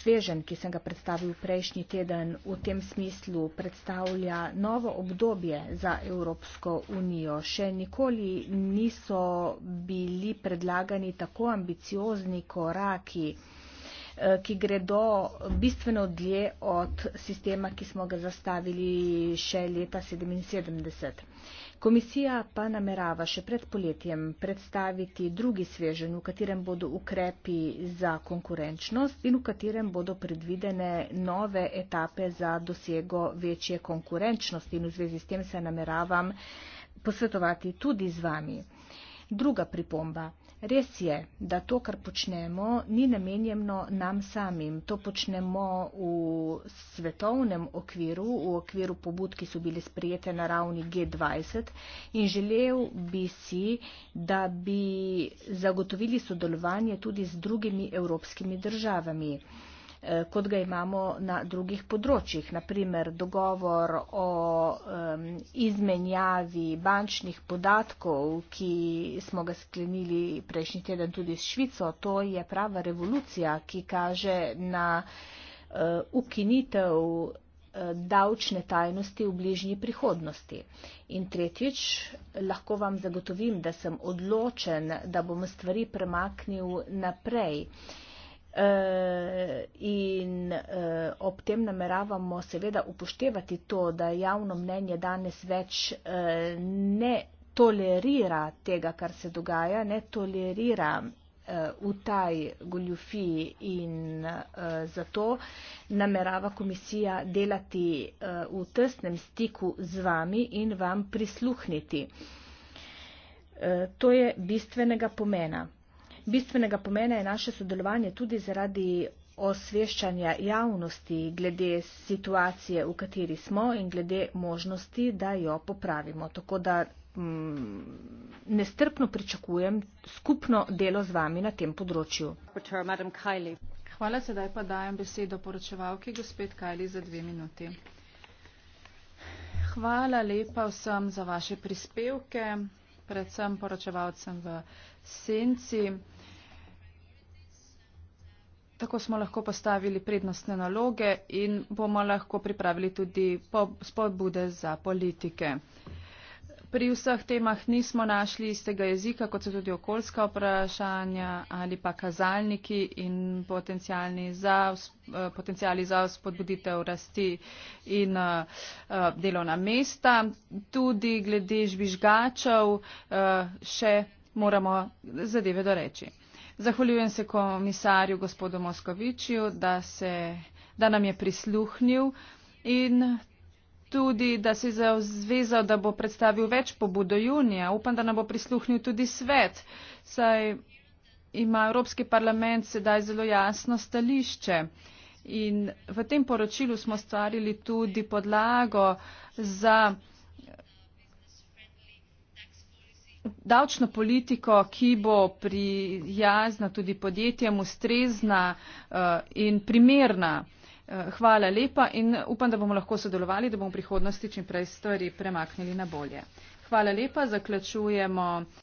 Svežen, ki sem ga predstavil prejšnji teden, v tem smislu predstavlja novo obdobje za Evropsko unijo. Še nikoli niso bili predlagani tako ambiciozni koraki. Eh, ki gredo bistveno dlje od sistema, ki smo ga zastavili še leta 1977. Komisija pa namerava še pred poletjem predstaviti drugi svežen, v katerem bodo ukrepi za konkurenčnost in v katerem bodo predvidene nove etape za dosego večje konkurenčnosti in v zvezi s tem se nameravam posvetovati tudi z vami. Druga pripomba. Res je, da to, kar počnemo, ni namenjeno nam samim. To počnemo v svetovnem okviru, v okviru pobud, ki so bile sprijete na ravni G20 in želel bi si, da bi zagotovili sodelovanje tudi z drugimi evropskimi državami. Eh, kot ga imamo na drugih področjih. Naprimer, dogovor o izmenjavi bančnih podatkov, ki smo ga sklenili prejšnji teden tudi s Švico, to je prava revolucija, ki kaže na eh, ukinitev eh, davčne tajnosti v bližnji prihodnosti. In tretjič, lahko vam zagotovim, da sem odločen, da bom stvari premaknil naprej. Eh, in eh, ob tem nameravamo seveda upoštevati to, da javno mnenje danes več eh, ne tolerira tega, kar se dogaja, ne tolerira v taj goljufiji in uh, zato namerava komisija delati uh, v tesnem stiku z vami in vam prisluhniti. Uh, to je bistvenega pomena. Bistvenega pomena je naše sodelovanje tudi zaradi osveščanja javnosti glede situacije, v kateri smo in glede možnosti, da jo popravimo. Tako da mm, nestrpno pričakujem skupno delo z vami na tem področju. Hvala, sedaj pa dajem besedo poročevalki, gospod Kajli, za dve minuti. Hvala lepa vsem za vaše prispevke, predvsem poročevalcem v senci. Tako smo lahko postavili prednostne naloge in bomo lahko pripravili tudi spodbude za politike. Pri vseh temah nismo našli istega jezika, kot so tudi okoljska vprašanja ali pa kazalniki in potencijali za, eh, potencijali za spodbuditev rasti in eh, eh, delovna mesta. Tudi glede žvižgačev še moramo zadeve doreči. Zahvaljujem se komisarju gospodu Moskovičju, da, se, da nam je prisluhnil in tudi, da se je zavezal, da bo predstavil več pobudo junija. Upam, da nam bo prisluhnil tudi svet, saj ima Evropski parlament sedaj zelo jasno stališče. In v tem poročilu smo stvarili tudi podlago za davčno politiko, ki bo prijazna tudi podjetjem, ustrezna eh, in primerna. Eh, hvala lepa in upam, da bomo lahko sodelovali, da bomo v prihodnosti čimprej stvari premaknili na bolje. Hvala lepa, zaključujemo.